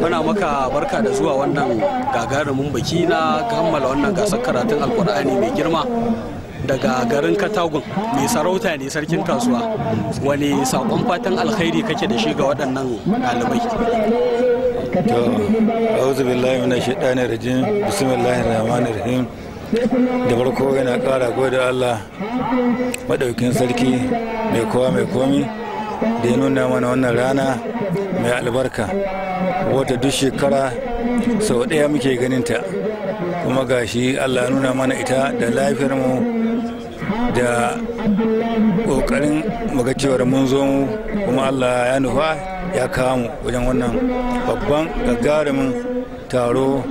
muna maka barka da zuwa wannan gagarumin baki na kammala wannan gasar karatun alkur'ani mai girma daga garin katagun mai sarauta ne sarkin kasuwa wani sakon fatan alkhairi kake da shi ga waɗannan ɗalibai to auzu billahi minash shaitanir rajim bismillahir rahmanir rahim da farko yana kara gode Allah madaukin sarki mai kowa mai komi da ya nuna mana wannan rana mai albarka wata duk shekara sau ɗaya muke ganinta kuma gashi allah nuna mana ita da lafiyar mu da ƙoƙarin muga cewar mun zo mu kuma allah ya nufa ya kawo mu wajen wannan babban gagarumin taro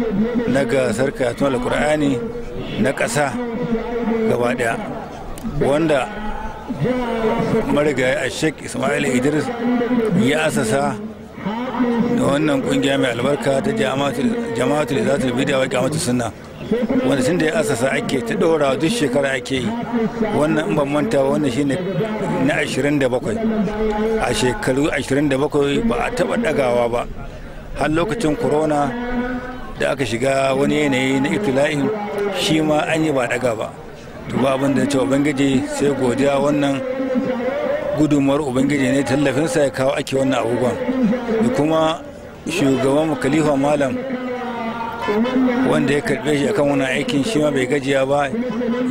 na gasar karatun alkur'ani na ƙasa gaba ɗaya wanda marigayi a sheik ismail idris ya asasa da wannan kungiya mai albarka ta jama'atul izatul bidiya wa kyamatul sunna wanda sun da ya asasa ake ta dora duk shekara ake yi wannan in ban manta wannan shine na 27 a shekaru 27 ba a taba dagawa ba har lokacin corona da aka shiga wani yanayi na iftila'in shi ma an yi ba daga ba duba ba abin da ya ce ubangiji sai godiya wannan gudunmuwar ubangiji ne tallafinsa ya kawo ake wannan abubuwan da kuma shugaban kalifa malam wanda ya karbe shi akan wannan aikin shi ma bai gajiya ba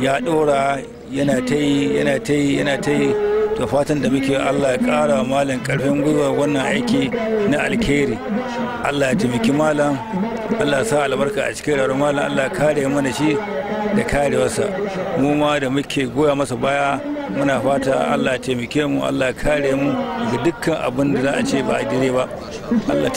ya dora yana ta yi yana ta yi yana ta yi to fatan da muke Allah ya ƙara malam ƙarfin gwiwa wannan aiki na alkhairi Allah ya taimaki malam Allah ya sa albarka a cikin rayuwar malam Allah ya kare mana shi da karewarsa mu ma da muke goya masa baya muna fata Allah ya taimake mu Allah ya kare mu ga dukkan abin da za a ce ba a dire ba Allah